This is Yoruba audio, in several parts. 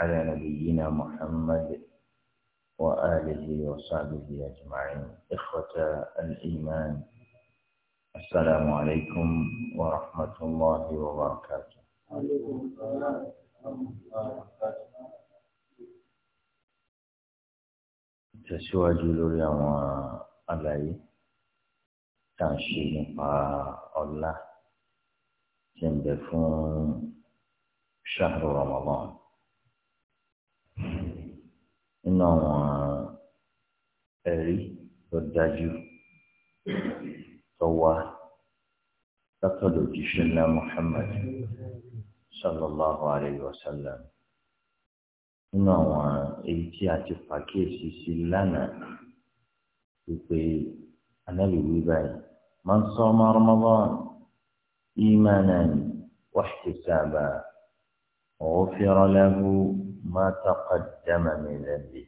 على نبينا محمد وآله وصحبه أجمعين إخوة الإيمان السلام عليكم ورحمة الله وبركاته تسوى جلول يا àlàyé tá à الله تنبفون شهر رمضان nínú àwọn ẹ̀rí tó dájú tó wá látọ̀dọ̀ òjíṣẹ́ ńlá muhammed sallallahu alayhi wa sallam nínú àwọn èyí tí a ti pàkíyèsí sí lánàá wípé anábì wí báyìí máa sọ ọmọ man sama Ramadan imanan wahtisaban ghufira lẹ́hùn. ما تقدم من ذنبه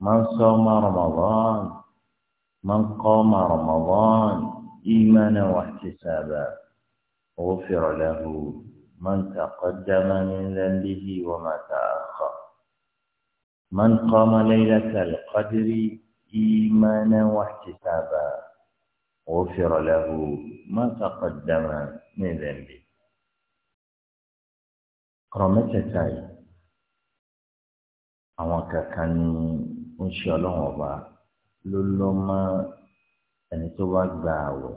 من صام رمضان من قام رمضان إيمانا واحتسابا غفر له من تقدم من ذنبه وما تأخر من قام ليلة القدر إيمانا واحتسابا غفر له ما تقدم من ذنبه قرمت تاي àwọn kankan ní ń ṣe ọlọ́run ọba ló lọ́ mọ́ ẹni tó bá gba àwẹ̀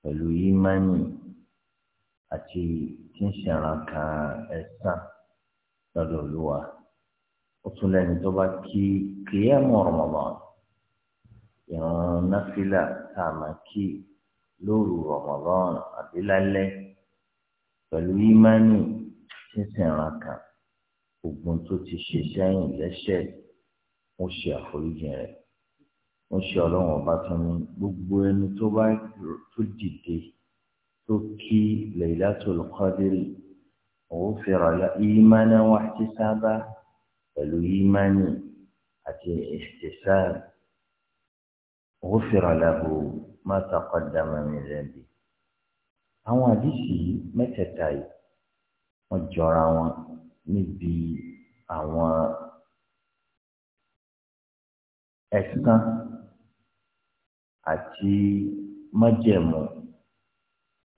pẹ̀lú yímánì àti tí ń ṣẹ̀ràn ẹ̀sán lọ́dọ̀ olúwa ó tún lẹ́ni tó bá kí kìyàmù Ramadan ìrun náfìlà tá a máa kí lóru Ramadan àbí pẹ̀lú yímánì tí ń ṣẹ̀ràn ogun tó ti ṣe sẹ́yìn lẹ́sẹ̀ wọ́n ṣe àforíjì rẹ̀ wọ́n ṣe ọlọ́run ọba tán ní gbogbo ẹni tó bá tó dìde tó kí Laylatul Qadr òun fẹ́ràn la ìmánà wa ti sábà pẹ̀lú ìmánì àti ìṣẹ̀ṣà òun fẹ́ràn lahu ma taqaddama min dhanbi. àwọn àdìsí mẹ́tẹ̀ẹ̀ta yìí wọ́n jọra wọn níbi àwọn ẹ̀sán àti májẹ̀mú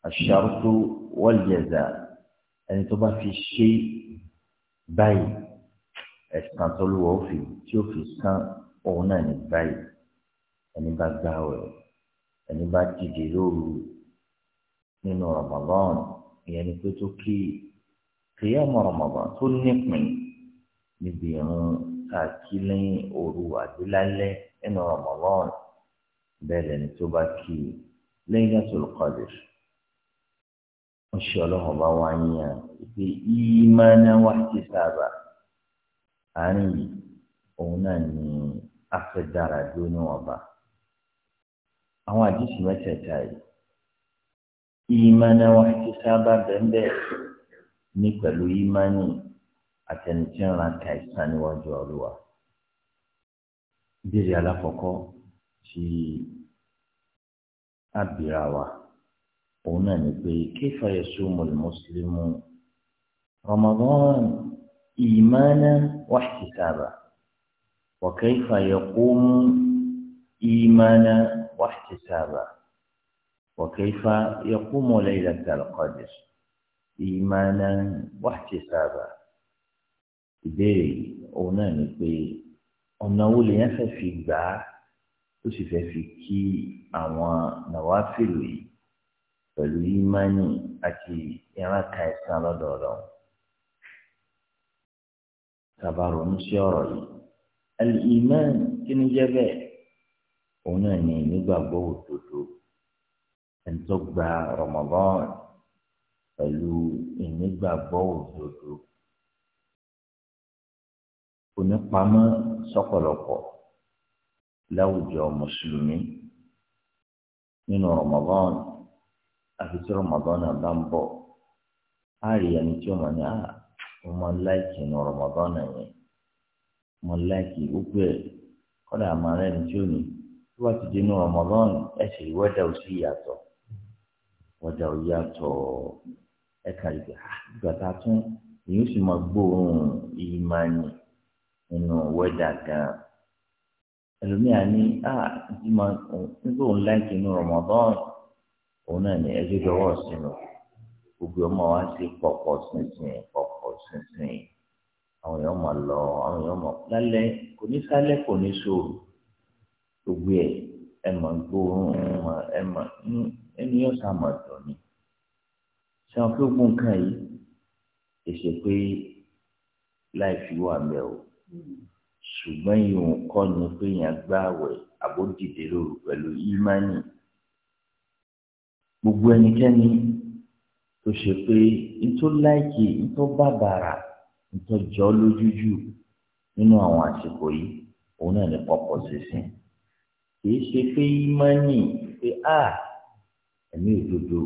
àṣàrútó wọ́lẹ̀dà ẹni tó bá fi ṣe báyìí ẹ̀sán tó lù wọ́n fi tí ó fi san òun náà ní báyìí ẹni bá gbà wẹ̀ ẹni bá dìde lóru nínú Ramadan ìyẹn ni pé tó kí kìyàmù ya tó nípìn níbi ìrún káàkiri lẹ́yìn òru àdílálẹ́ ẹnu Ramadan bẹ́ẹ̀ lẹ́ni tó bá kí i lẹ́yìn Lailatul Qadr wọ́n ṣe ọlọ́run bá wá yíyan pé ìmọ̀nà wá ti sábà àárín ni ní pẹ̀lú ìmánì àtẹnitẹ́ran kàìsàn níwájú Olúwa. Ìbéèrè alákọ̀ọ́kọ́ ti àbíra wa òun náà ni pé kayfa yasumul muslimu Ramadan imanan wa ihtisaban wa kayfa yaqumu imanan wa ihtisaban wa kayfa imanan wahtisaba ìbéèrè òun náà ni pé ọ̀nà wo lèèyàn fẹ́ fi gbà á ó sì fẹ́ fi kí àwọn nàwáfìlù yìí pẹ̀lú ìmánì àti ìrànkà ẹ̀sán lọ́dọ̀ ọ̀rọ̀ tàbá ronú sí ọ̀rọ̀ yìí al-iman kí ni jẹ́ bẹ́ẹ̀ òun náà ni nígbàgbọ́ òdodo ẹ̀ńtọ́ gba Ramadan. pẹ̀lú ìnígbàgbọ́ òdodo onípamọ́ sọ́pọ̀lọpọ̀ láwùjọ mùsùlùmí nínú Ramadan àfi tí Ramadan náà bá ń bọ̀ á rí ẹni tí wọn ní ah, à wọn máa láìkì nínú Ramadan náà yẹn wọn láìkì gbogbo ẹ kọ́dà máa rẹ́ni tí ó ní tó ti nínú ẹ̀sìn ìwọ́dà ò sí ò yàtọ̀. ẹka kàrí pé ah, gbàtà tún èyí sì máa gbóòórùn ìmánì nínú wẹ́dà gan ẹlòmíà ní à ah, ti máa nígbà òun láìkí inú Ramadan òun náà ní ẹjọ́ dọwọ́ sínú gbogbo ọmọ wa pọ̀pọ̀ sínsìn pọ̀pọ̀ sínsìn àwọn èèyàn máa lọ àwọn èèyàn máa lálẹ́ kò ní sálẹ́ kò ní sòrò gbogbo máa máa yóò sá máa dùn sẹ́wọ̀n pé gbogbo nǹkan yìí èsè pé láì fi wà mẹ́ o ṣùgbọ́n ìhùn kọ́ ni pé yẹn gbààwẹ̀ àbódìdé lóru pẹ̀lú ìmánì gbogbo ẹnikẹ́ni tó ṣe pé ntó láìkì ntó bàbàrà ntó jọ lójújù nínú àwọn àsìkò yìí òun náà ní pọ̀pọ̀ sísìn kì í ṣe pé ìmánì pé a ah, ẹ̀mí òdodo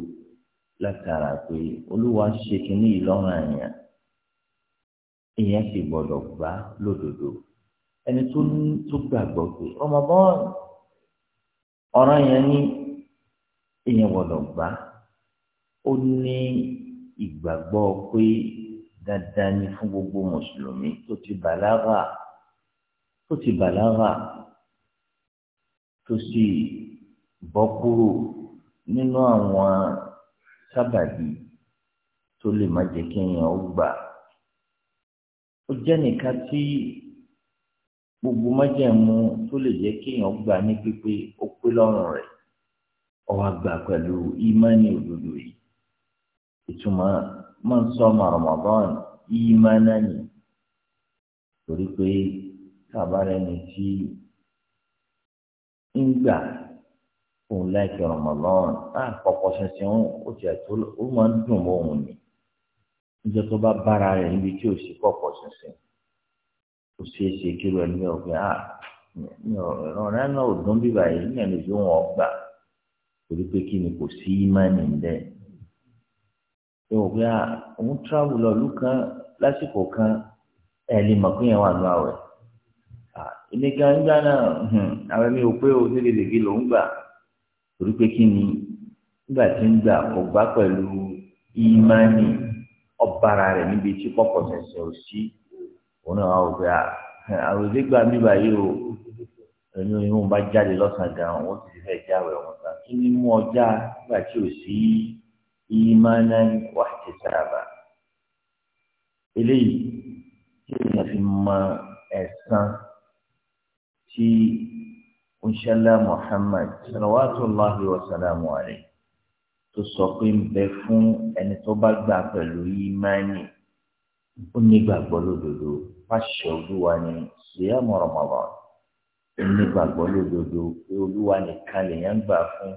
látara pé olúwa ṣe kínní yìí lọ́rùn àyàn èèyàn sì gbọ́dọ̀ gbá lódodo ẹni tó ní tó gbàgbọ́ pé ọmọ bọ́ọ̀lù ọ̀ràn yẹn ní èèyàn gbọ́dọ̀ gbá ó ní ìgbàgbọ́ pé dandan ni fún gbogbo mùsùlùmí tó ti bàlágà tó ti bàlágà tó sì bọ́ kúrò nínú àwọn sábàbí tó lè má jẹ́ kí èèyàn ó gbà ó jẹ́ nìkan tí gbogbo májẹ̀mú tó lè jẹ́ kí èèyàn gbà ní pípé ó pé lọ́rùn rẹ̀ ọwọ́ àgbà pẹ̀lú ìmánì òdodo yìí ìtumọ̀ máa ń sọ ọmọ Ramadan ìmánà ni torí pé tàbá rẹ̀ ni tí ń gbà òun láìpẹ́ Ramadan á ah, kọ̀kọ́ ṣinṣin òun ó ti àtó ó máa ń dùn mọ́ òun ni níjọ́ tó bá bára rẹ̀ níbi tí ò sí kọ̀kọ́ ṣinṣin ó ṣeé ṣe kí ló ẹni ọ̀gbìn á ìrànlẹ́ náà ò dún bíbà yìí ní ẹni tó wọn gbà torí pé kí ni kò sí ìmánì ń bẹ́ẹ̀ yóò gbé à òun tíráwù lọ ìlú kan lásìkò kan ẹ̀ lè mọ̀ pé yẹn wà ní àwẹ̀ ah, ilé ń gbà náà hmm, àwọn ẹni ò pé o ṣe torí pé kí ni nígbà tí ń gbà kó gbá pẹ̀lú ìmánì ọ̀bára rẹ̀ níbi tí pọ̀pọ̀ ṣẹ̀ṣẹ̀ ò sí òun náà wọ́n gbé àwọn ìdí gbà mí báyìí o ẹni ìhun bá jáde lọ́sàn-án gan-an ti ti fẹ́ jáwèé wọn tán kí ni mú ọjà nígbà tí ò sí ìmánà wà ti sábà eléyìí tí èèyàn fi mọ ẹ̀san tí oṣiṣẹ́lá Muhammad salawatullahi wa salamu alayhi tó sọ pé ń bẹ fún ẹni tó bá gbà pẹ̀lú ìmánì ó nígbàgbọ́ lódodo fáṣọ olúwa ni síyàmù Ramadan ó nígbàgbọ́ lódodo pé olúwa nìkan lèèyàn gbà fún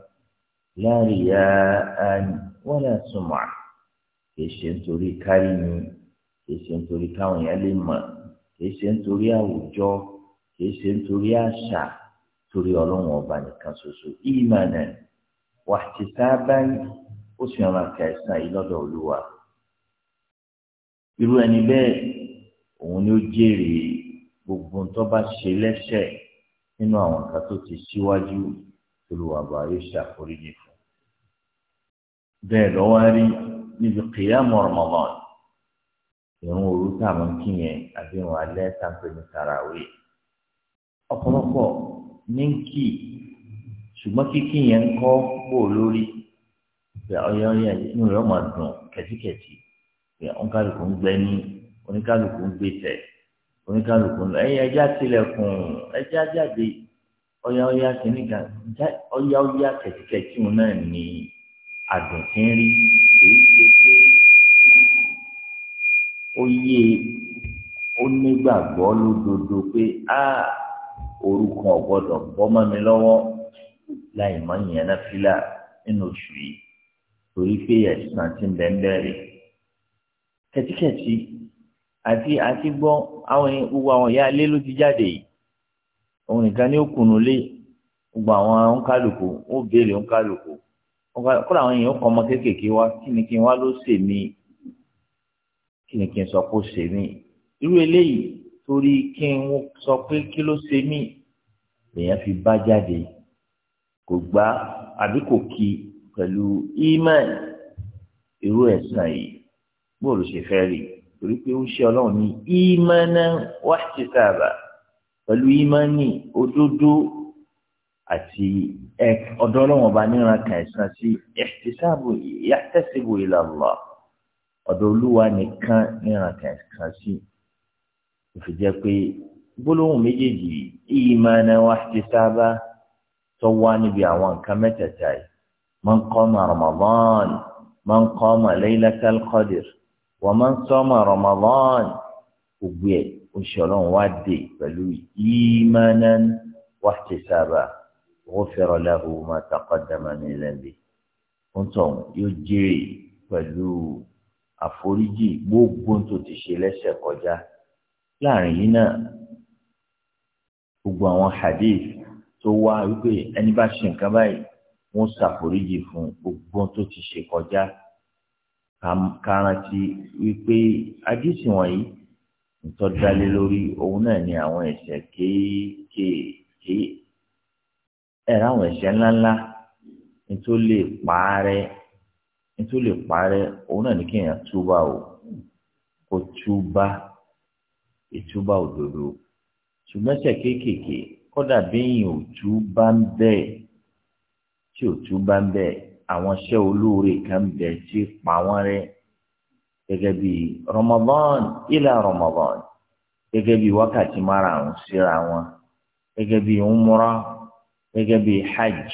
la riya'an wala sum'a kìí ṣe nítorí kárí ni kìí ṣe nítorí káwọn èèyàn lè mọ̀ kìí ṣe nítorí àwùjọ kìí ṣe nítorí àṣà torí ọlọ́run ọba nìkan ṣoṣo ìmọ̀nà wahtisaban ó sì máa ka ẹ̀san yìí lọ́dọ̀ olúwa irú ẹni bẹ́ẹ̀ òun ni ó jèrè gbogbo tó bá ṣe lẹ́sẹ̀ nínú àwọn nǹkan tó ti síwájú olùwàbà yóò ṣàforíjì fún bẹ́ẹ̀ lọ́wọ́ rí níbi kìyàmù Ramadan ìrún òru táwọn kí yẹn àbí ìrún alẹ́ táwọn ní tarawih ọ̀pọ̀lọpọ̀ ní kì ṣùgbọ́n kíkì yẹn ń kọ́ bò lórí ọyọ yẹn inú rẹ̀ máa dùn kẹ̀tíkẹ̀tì oníkálukú ń gbẹ ní oníkálukú ń gbé tẹ̀ oníkálukú ń ẹ̀yìn ẹja tilẹ̀kùn ẹja jáde ọyá ọyá kìnnìkan ọyá ọyá kẹ̀tíkẹ̀tì wọn náà ní àdùn tí ń rí èyí ṣe pé ó yé ó nígbàgbọ́ lódodo pé áà. orúkọ ọgbọdọ bọ́mọ mi lọwọ láì mọ ìyẹn náà fílà nínú oṣù yìí torí pé ẹ̀sán ti ń bẹ̀ ń bẹ̀rẹ̀ kẹtíkẹtí àti àti gbọ́ àwọn gbogbo àwọn ìyá alé ló ti jáde yìí òun nìkan ní òkùnrin lé gbogbo àwọn ó béèrè kọ́ ọmọ kéékèèké wá kí ni kí n wá ló ni torí kí n sọ pé kí ló ṣe mí lèyàn fi bá jáde kò gbá àbí kò kí pẹ̀lú iman irú ẹ̀sán yìí bóòlù ṣe fẹ́ rí torí pé ó ṣe ọlọ́run ní ìmánà wahtisaba pẹ̀lú ìmánì òdodo àti ọ̀dọ̀ ọlọ́run níran kan ẹ̀sán sí ihtisabu yahtasibu ila ọ̀dọ̀ olúwa nìkan níran kan ẹ̀sán sí òfìjẹ́ pé gbólóhùn méjèèjì ìmánà wa ti sábà tó wá níbi àwọn nǹkan mẹ́tẹ̀ẹ̀ta yìí man qama Ramadan man qama laylatal qadr wa man sama Ramadan gbogbo ẹ̀ oṣù ọlọ́run wá dé pẹ̀lú ìmánà wa ti sábà ghufira lahu ma taqaddama min dhanbi ń tàn yóò jèrè pẹ̀lú láàrin yìí náà gbogbo àwọn hadith tó wá wípé ẹni bá ṣe nǹkan báyìí wọ́n ṣàforíjì fún gbogbo tó ti ṣe kọjá karanti wípé hadith wọ̀nyí ntọ́ dalé lórí òun náà ni àwọn ẹ̀ṣẹ̀ kéékèèké ẹ̀rọ àwọn ẹ̀ṣẹ̀ ńláńlá nítorí lè pààrẹ̀ òun náà ni kéèyàn túbà o kó túbà ìtúbà òdodo ṣùgbọ́n ṣe kéékèèké kódà béèyàn ò tú bá ń bẹ́ẹ̀ tí ò tú bá ń bẹ́ẹ̀ àwọn iṣẹ́ olóore kan ń bẹ tí pa wọ́n rẹ́ gẹ́gẹ́ bí Ramadan ila Ramadan gẹ́gẹ́ bí wákàtí márùn-ún síra wọn gẹ́gẹ́ bí umrah gẹ́gẹ́ bí hajj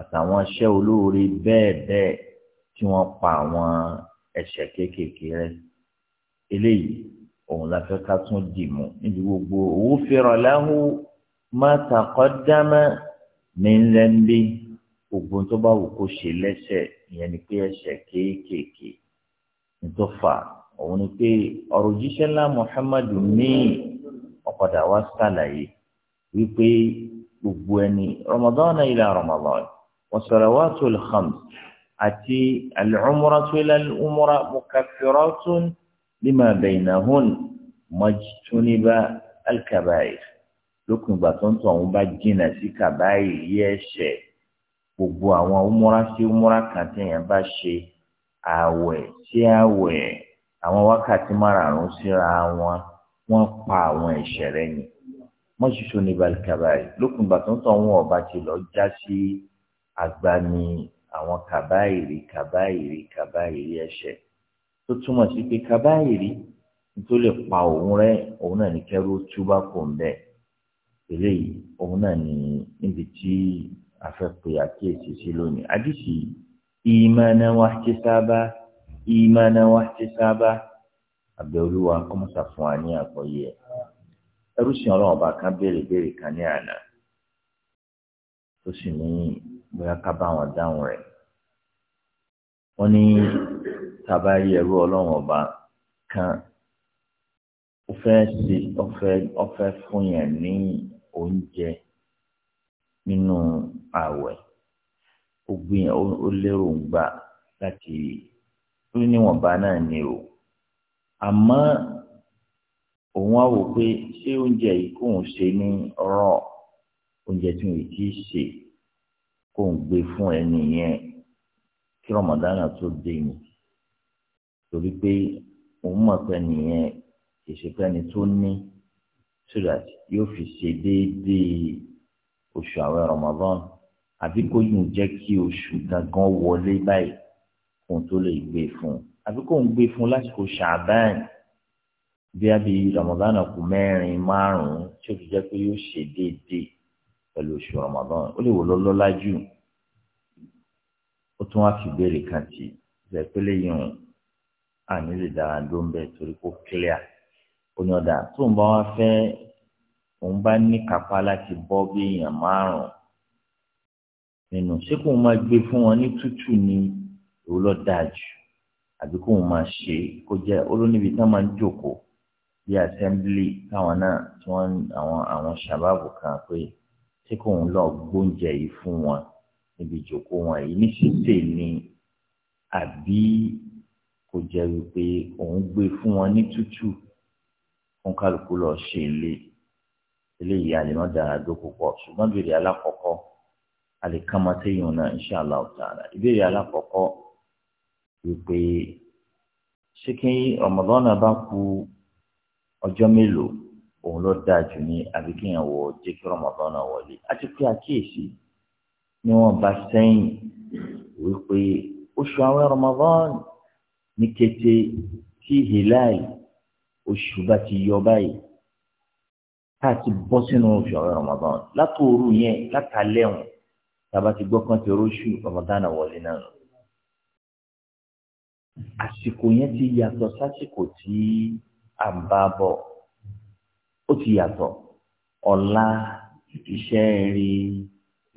àtàwọn iṣẹ́ olóore bẹ́ẹ̀ bẹ́ẹ̀ tí wọ́n pa àwọn ẹ̀ṣẹ̀ kéékèèké rẹ́ eléyìí òun la fẹ́ ká tún dì mú níbi gbogbo òwò fẹ́ràn láhù má takọ́ dáná ní lẹ́ńbí gbogbo tó bá wù kó ṣe lẹ́sẹ̀ ìyẹn ni pé ẹsẹ̀ kéékèèké nítorí fà òun ni pé ọ̀rọ̀ jíṣẹ́ ńlá Muhammadu míì ọ̀padà wá sàlàyé wípé gbogbo ẹni Ramadan ila Ramadan wa salawatul khams àti al-umratu ila al-umra mukaffiratun lima bainahun majtuniba alkabair lókun ìgbà tó ń tọ̀ ọ̀hún bá jìnnà sí kàbáyé yí ẹ̀ṣẹ̀ gbogbo àwọn umura sí umura kan téèyàn bá ṣe àwẹ̀ sí àwẹ̀ àwọn wákàtí márààrún síra wọn wọ́n pa àwọn ẹ̀ṣẹ̀ rẹ̀ ni wọ́n ṣiṣọ́ lókun ìgbà tó ń tọ̀ ọ̀hún ọba ti lọ já sí agbani àwọn kàbáyé rí kàbáyé rí kàbáyé rí ẹ̀ṣẹ̀. tó túmọ̀ sí pé kábàáyìrí tó lè pa òun rẹ òun náà ní kẹrù túbà kò ń bẹ eléyìí òun náà ní níbi tí a fẹ́ pe àkíyèsí sí lónìí àdìsí ìmánà wa ti sábà ìmánà wa ti sábà àbẹ̀ olúwa fún wa ní wọ́n ní tabari ẹrú ọlọ́run ọba kan ó fẹ́ ṣe ọ̀fẹ́ ọ̀fẹ́ fún yẹn ní oúnjẹ nínú ààwẹ̀ ó gbìyàn ó lérò ń gbà láti ó níwọ̀nba náà ni o àmọ́ òun á wò pé ṣé oúnjẹ yìí kóun ṣe ní ọ̀rọ̀ oúnjẹ tí òun yìí ti ṣe kóun gbé fún ẹni yẹn kí rọmọdánà tó dé ni torí pé òun mọ̀ pé nìyẹn ìṣèpẹ́ni tó ní so that yóò fi ṣe déédéé oṣù àwẹ̀ rọmọdán àbí kó yùn jẹ́ kí oṣù gangan wọlé báyìí kó tó lè gbé e fún un àbí kó ń gbé e fún un lásìkò ṣàbẹ́ẹ̀n bí a rọmọdán kù mẹ́rin márùn-ún tí ó fi jẹ́ pé yóò ṣe déédéé pẹ̀lú oṣù rọmọdán ó lè wò lọ́lọ́lá jù ó tún wá fi ìbéèrè kan tì bẹ́ẹ̀ pé lẹ́yìn òun àní lè dára ló ń bẹ torí kó clear ó ní ọ̀dà tó ń bá wá fẹ́ òun bá ní kápá láti bọ́ bí èèyàn márùn nínú ṣé kóun máa gbé fún wọn ní tútù ni òun lọ dáa jù àbí kóun máa ṣe kó jẹ́ olóníbi tán máa ń jókòó bí assembly táwọn náà tí wọ́n àwọn àwọn ṣàbábù kan pé ṣé kóun lọ gbóúnjẹ yìí fún wọn níbi ìjókòó wọn yìí ní ṣíṣe ni àbí kò jẹ́ wípé òun gbé fún wọn ní tútù fún kálukú lọ ṣe ilé eléyìí àlèmọ́ dára dó púpọ̀ ṣùgbọ́n ìbéèrè alákọ̀ọ́kọ́ àlèkámọ́tẹ́yìn náà insha Allah ta'ala ìbéèrè alákọ̀ọ́kọ́ wípé ṣé kí ọmọlọ́nà bá ku ọjọ́ mélòó òun ló dáa jù ní àbí wọ jẹ́ ọmọlọ́nà wọlé àti pé àkíyèsí ni wọ́n bá sẹ́yìn wípé oṣù àwọn Ramadan ní kété tí hilal oṣù bá ti yọ báyìí tá a ti bọ́ sínú oṣù àwọn Ramadan látòru yẹn látàlẹ́wọ̀n tàbá ti gbọ́ kan ti róṣù Ramadan wọlé náà àsìkò yẹn ti yàtọ̀ sásìkò tí a bá bọ̀ ó ti yàtọ̀ ọ̀la iṣẹ́ rí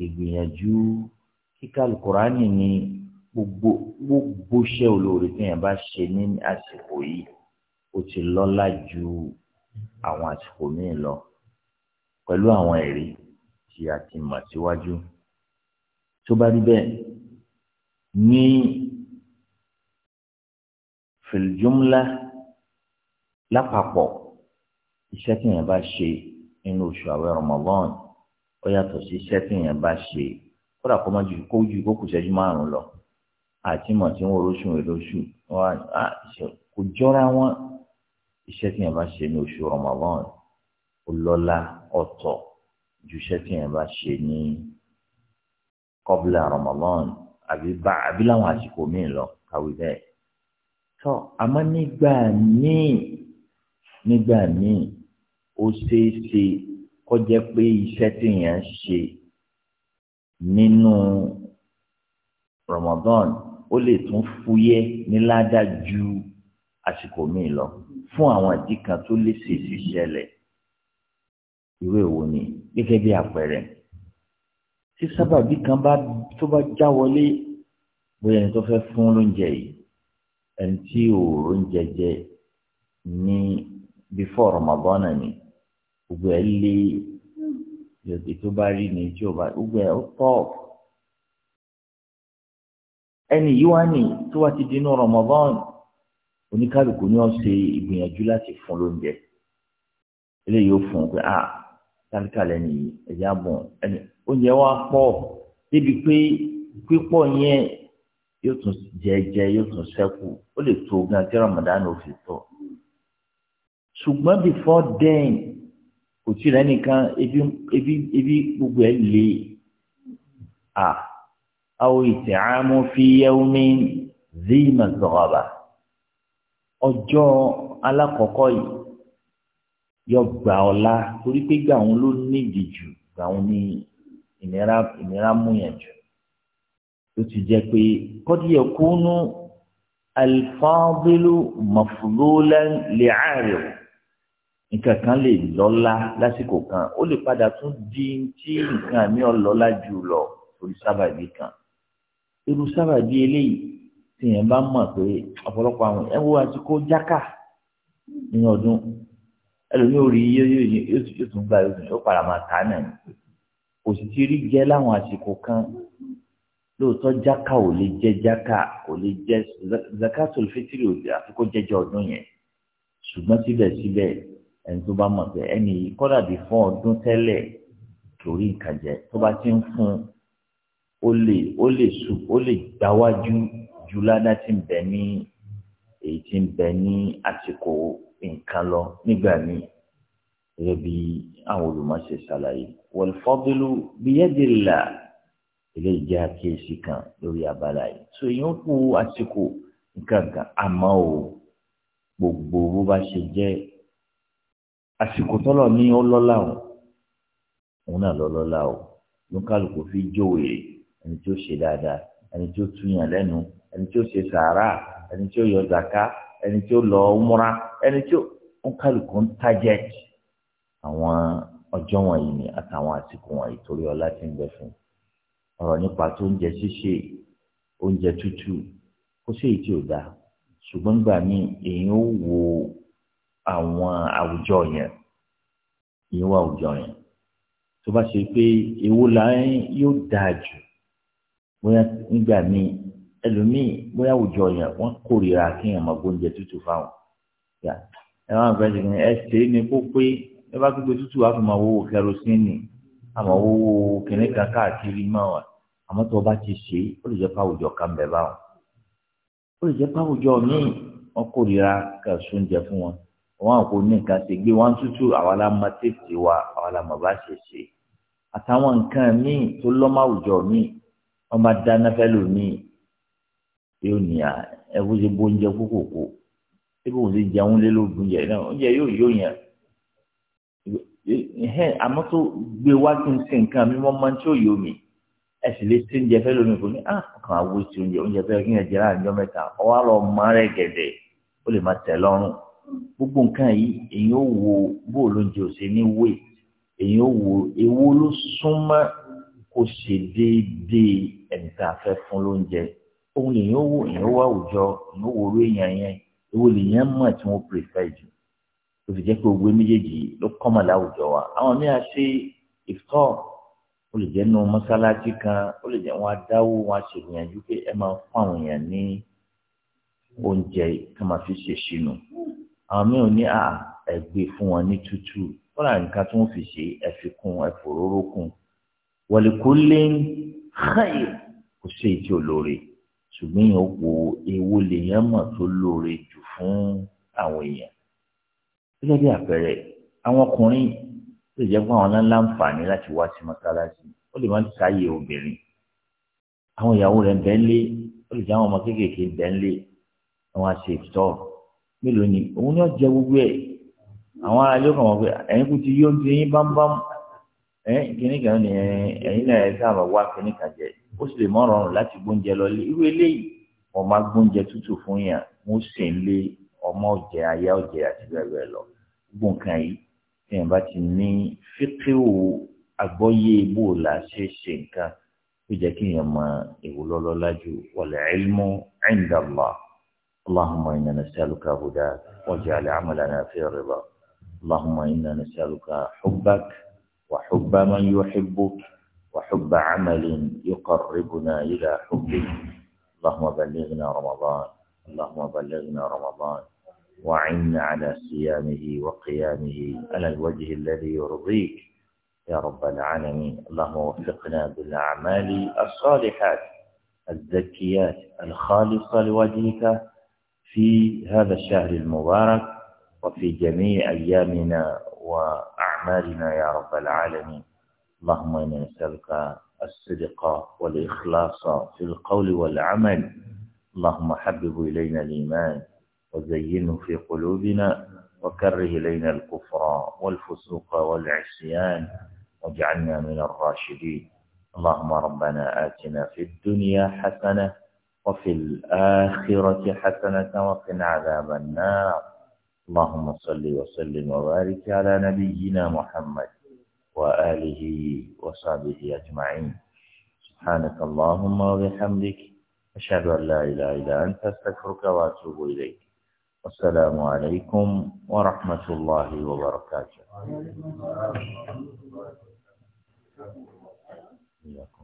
ìgbìyànjú kíkà alukurani ni gbogbo gbogbo iṣẹ́ olóore tí èèyàn bá ṣe ní àsìkò yìí ó ti lọ́lá ju àwọn àsìkò míì lọ pẹ̀lú àwọn ẹ̀rí tí a ti mọ̀ síwájú tó bá rí bẹ́ẹ̀ ní fìlìjúmlá lápapọ̀ iṣẹ́ tí èèyàn bá ṣe nínú oṣù àwẹ̀ Ramadan ó yàtọ̀ sí iṣẹ́ tí èèyàn bá ṣe kódà kó má ju kó ju kó kù ṣẹ́jú márùn-ún lọ àti mọ̀ tí wọ́n roṣù rẹ̀ lóṣù kò jọra wọn iṣẹ́ tí èèyàn bá ṣe ní oṣù Ramadan ó lọ́lá ọ̀tọ̀ ju iṣẹ́ tí èèyàn bá ṣe ní kọ́bílà Ramadan àbí láwọn àsìkò míì lọ kàwé bẹ́ẹ̀ tó àmọ́ nígbà míì nígbà míì ó ṣeé ṣe kó jẹ́ pé iṣẹ́ tí èèyàn ṣe nínú Ramadan ó lè tún fúyẹ́ níládá ju àsìkò míì lọ fún àwọn ìdí kan tó lè ṣèṣì ṣẹlẹ̀ ìwé wo ni gẹ́gẹ́ bí àpẹẹrẹ tí sábàbí kan bá tó bá já wọlé bóyá ẹni tó fẹ́ fún lóúnjẹ yìí ẹni tí òòrùn jẹjẹ ní bífọ̀ Ramadan ni gbogbo ẹ lé yòtí tó bá rí ni tí o bá gbogbo ẹ ó tọ ẹni yìí wá ní tó wá ti di inú Ramadan oníkálukú ni ó ṣe ìgbìyànjú láti fún lóúnjẹ eléyìí ó fún un pé ah kálíkàlẹ ni ẹjẹ àbọ ẹni oúnjẹ wa pọ̀ débi pé pípọ̀ yẹn yóò tún jẹjẹ yóò tún ṣẹ́kù ó lè tó gan tí Ramadan ò fi tọ ṣùgbọ́n before then kò tí rẹ nìkan ebi ebi ebi gbogbo ẹ lè a awo ìtìhámú fi yẹwùmí zi mazọrọba ọjọ́ alákọ̀ọ́kọ́ yìí yọ gbà ọlá torí pé gbà òun ló nídìí jù gbà òun ní ìnira ìnira múyàn jù tó ti jẹ́ pé kọ́díyẹ kúnú alifábílù mọ̀fúlólẹ́ lè àárẹ̀ o nǹkan kan lè lọ́lá lásìkò kan ó lè padà tún di tí nǹkan mi ò lọ́lá jù lọ orí sábàbí kan irú sábàbí eléyìí tìyẹn bá mọ̀ pé ọ̀pọ̀lọpọ̀ àwọn ẹ̀ wo àsìkò jákà nínú ọdún ẹlòmíì ò rí iye yóò tún gba yóò tún yóò padà máa kà á nà ní kò sì ti rí jẹ́ láwọn àsìkò kan lóòótọ́ jákà ò lè jẹ́ jákà kò lè jẹ́ zakatul fitiri àfikún jẹ́jọ́ ọdún yẹn ṣùgbọ́n síbẹ̀síbẹ̀ ẹni tó bá mọ̀ pé ẹni yìí kọ́dà bí fún ọdún tẹ́lẹ̀ torí nǹkan tó bá ti ń fún ó lè ó lè sùn ó lè gbáwájú ju ládá tí ń bẹ ní èyí tí ń bẹ ní àsìkò nǹkan lọ nígbà míì gẹ́gẹ́ bí àwọn olùmọ̀ọ́sẹ̀ ṣàlàyé wal fadlu biyadillah eléyìí jẹ́ àkíyèsí kan lórí abala yìí so èèyàn kú àsìkò nǹkan kan àmọ́ o gbogbo bó bá ṣe jẹ́ àsìkò tọ́lọ̀ ní ọlọ́lá o òun náà lọ́lọ́lá o ló ń kálukú fi jó wèrè ẹni tí ó ṣe dáadáa ẹni tí ó túyàn lẹ́nu ẹni tí ó ṣe sàárà ẹni tí ó yọ zaka ẹni tí ó lọ múra ẹni tí ó ń ń tajẹ àwọn ọjọ́ wọ̀nyí ni àtàwọn àsìkò wọ̀nyí torí ọlá ti ń bẹ fún ọ̀rọ̀ nípa tó oúnjẹ ṣíṣe oúnjẹ tútù kó sì tí ò dáa ṣùgbọ́n gbà mí èèyàn ó wo àwọn àwùjọ yẹn ìyẹn wà àwùjọ yẹn tó bá ṣe pé èwo la yóò dáa jù bóyá nígbà míì ẹlòmíì bóyá àwùjọ yẹn wọ́n kórìíra kí èèyàn máa gbóúnjẹ tútù fáwọn ẹ máa fẹ́ ṣe ẹ ṣe é ní kó pé ẹ bá gbígbé tútù wàá fi máa wọ́wọ́ kẹrosínì àmọ́ wọ́wọ́ kìnìún kan káàkiri máa wà àmọ́ tó bá ti ṣe ó lè jẹ́ pàwùjọ kan bẹ̀ báwọn ó lè jẹ́ pàwùjọ míì wọ́n kórìíra kẹsùn wọn kò ní nǹkan ṣe gbé wọn tútù àwọn alámọtẹ́tì wa àwọn alámọba ṣe ṣe àtàwọn nǹkan míì tó lọ́mọ àwùjọ míì wọn bá dáná fẹ́lò míì yóò ní à ẹkú ṣe bó oúnjẹ kókòkò ebi òun ṣe jẹun lé lóògùn oúnjẹ náà oúnjẹ yóò yóò yàn ẹhẹn àmọ́ tó gbé wá kí n ṣe nǹkan mi wọ́n máa ń tí ò yóò ẹ sì lè ṣe oúnjẹ fẹ́lò mi kò ní à ah, kàn oúnjẹ oúnjẹ fẹ́lò kí n yẹn jẹ láàrin ọjọ́ mẹ́ta ọwọ́ àlọ́ mọ́ gbogbo nǹkan yìí èyí ó wo bó olóúnjẹ ò ṣe ní wé èyí ó wo èwo ló súnmọ́ kó ṣe déédéé ẹni tá a fẹ́ fún lóúnjẹ òun lèyìn ó wò èyí ó wá àwùjọ èyí ó wo orú èèyàn yẹn èwo lèyìn mọ̀ tí wọ́n prefer jù tó fi jẹ́ pé ogbé méjèèjì ló kọ́mọ̀ láwùjọ wa àwọn míì á ṣe ìfọ́ ó lè jẹ́ nu mọ́sálásí kan ó lè jẹ́ wọn á dáwó wọn á ṣègbìyànjú pé ẹ máa fún àwọn èèyàn ní oúnjẹ kí wọ́n máa fi ṣèṣinú àwọn mí ò ní à ẹ̀gbẹ́ fún wọn ní tútù kọ́lá nǹkan tó ń fi ṣe ẹ̀fikún ẹ̀fòróró kún wọ̀lẹ̀kọ́lé ń xẹ́yì kò sí èyí tí ò lóore ṣùgbọ́n èèyàn wo ewo lèèyàn mọ̀ tó lóore jù fún àwọn èèyàn gẹ́gẹ́ bí àpẹẹrẹ àwọn ọkùnrin tó jẹ́ pé àwọn náà láǹfààní láti wá sí mọ́sálásí ó lè má ti sáyè obìnrin àwọn ìyàwó rẹ̀ bẹ́ẹ̀ lé ó lè jẹ́ àwọn ọmọ kéékèèké bẹ́ẹ̀ lé àwọn àṣẹ ìtọ́rọ̀ mélòó ni òun ni ọjà gbogbo ẹ àwọn aráàlú kan wọn pé ẹ̀yin kú ti yóò ti yín bámbám ẹ̀yin kìnnì kan ní ẹ̀yin náà ẹ sábà wá kìnnì kan jẹ ó sì lè mọ ọrọrùn láti gbóúnjẹ lọ lé irú eléyìí wọn máa gbóúnjẹ tútù fún yàn wọn sì ń lé ọmọ ọjẹ aya ọjẹ àti bẹ́ẹ̀ bẹ́ẹ̀ lọ gbogbo nǹkan yìí tẹ̀yìn bá ti ní fíkíwò àgbọ́yé bó la ṣe ṣe nǹkan ó jẹ́ kí èèyàn mọ ìwúlọ́lọ́lá ju wal ilmu inda اللهم إنا نسألك هداك واجعل عملنا في رضاك اللهم إنا نسألك حبك وحب من يحبك وحب عمل يقربنا إلى حبك اللهم بلغنا رمضان اللهم بلغنا رمضان وعنا على صيامه وقيامه على الوجه الذي يرضيك يا رب العالمين اللهم وفقنا بالأعمال الصالحات الزكيات الخالصة لوجهك في هذا الشهر المبارك وفي جميع أيامنا وأعمالنا يا رب العالمين اللهم إنا نسألك الصدق والإخلاص في القول والعمل اللهم حبب إلينا الإيمان وزينه في قلوبنا وكره إلينا الكفر والفسوق والعصيان واجعلنا من الراشدين اللهم ربنا آتنا في الدنيا حسنة وفي الآخرة حسنة وقنا عذاب النار اللهم صل وسلم وبارك على نبينا محمد وآله وصحبه أجمعين سبحانك اللهم وبحمدك أشهد أن لا إله إلا أنت أستغفرك وأتوب إليك والسلام عليكم ورحمة الله وبركاته